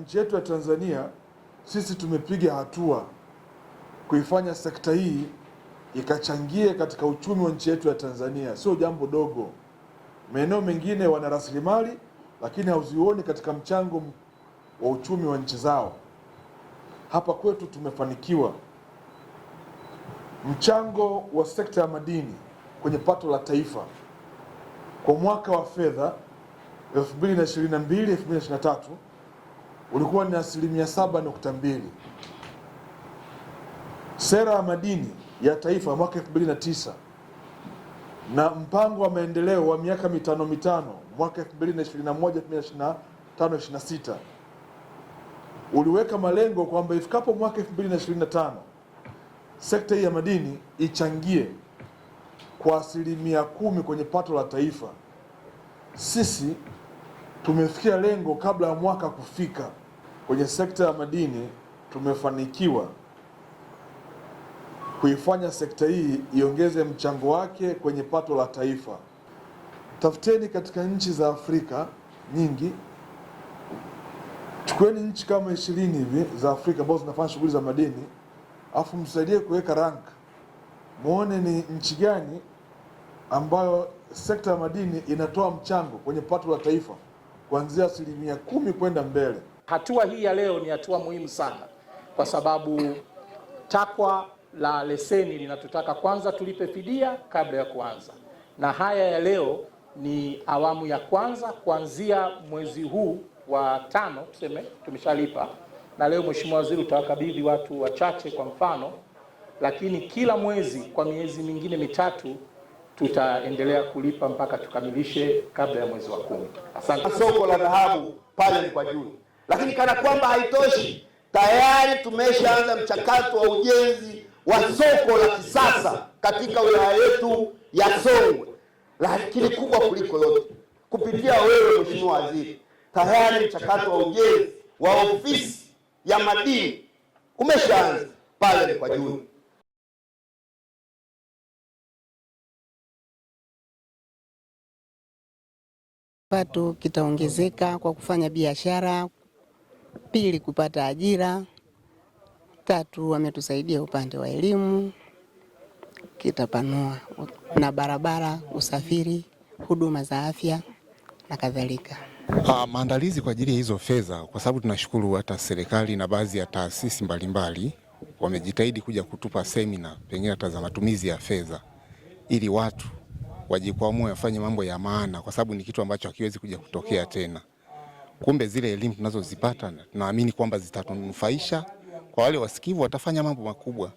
nchi yetu ya Tanzania, sisi tumepiga hatua kuifanya sekta hii ikachangie katika uchumi wa nchi yetu ya Tanzania, sio jambo dogo. Maeneo mengine wana rasilimali lakini hauzioni katika mchango wa uchumi wa nchi zao. Hapa kwetu tumefanikiwa. Mchango wa sekta ya madini kwenye pato la taifa kwa mwaka wa fedha 2022 2023 ulikuwa ni asilimia saba nukta mbili. Sera ya madini ya taifa mwaka elfu mbili na tisa na mpango wa maendeleo wa miaka mitano mitano mwaka 2021 2025 sita uliweka malengo kwamba ifikapo mwaka tano sekta hii ya madini ichangie kwa asilimia kumi kwenye pato la taifa. Sisi tumefikia lengo kabla ya mwaka kufika. Kwenye sekta ya madini tumefanikiwa kuifanya sekta hii iongeze mchango wake kwenye pato la taifa. Tafuteni katika nchi za Afrika nyingi, chukueni nchi kama ishirini hivi za Afrika ambazo zinafanya shughuli za madini, afu msaidie kuweka rank, muone ni nchi gani ambayo sekta ya madini inatoa mchango kwenye pato la taifa kuanzia asilimia kumi kwenda mbele. Hatua hii ya leo ni hatua muhimu sana, kwa sababu takwa la leseni linatutaka kwanza tulipe fidia kabla ya kuanza, na haya ya leo ni awamu ya kwanza. Kuanzia mwezi huu wa tano tuseme tumeshalipa, na leo Mheshimiwa Waziri utawakabidhi watu wachache kwa mfano, lakini kila mwezi kwa miezi mingine mitatu tutaendelea kulipa mpaka tukamilishe kabla ya mwezi wa kumi. Asante. Soko la dhahabu pale ni kwa juu lakini kana kwamba haitoshi, tayari tumeshaanza mchakato wa ujenzi wa soko la kisasa katika wilaya yetu ya Songwe, lakini kubwa kuliko yote, kupitia wewe Mheshimiwa Waziri, tayari mchakato wa ujenzi wa ofisi ya madini umeshaanza pale kwa juu. Pato kitaongezeka kwa kufanya biashara pili kupata ajira, tatu wametusaidia upande wa elimu kitapanua na barabara, usafiri, huduma za afya na kadhalika. Ah, maandalizi kwa ajili ya hizo fedha, kwa sababu tunashukuru hata serikali na baadhi ya taasisi mbalimbali wamejitahidi kuja kutupa semina, pengine hata za matumizi ya fedha, ili watu wajikwamue wafanye mambo ya maana, kwa sababu ni kitu ambacho hakiwezi kuja kutokea tena. Kumbe zile elimu tunazozipata tunaamini kwamba zitatunufaisha kwa wale wasikivu, watafanya mambo makubwa.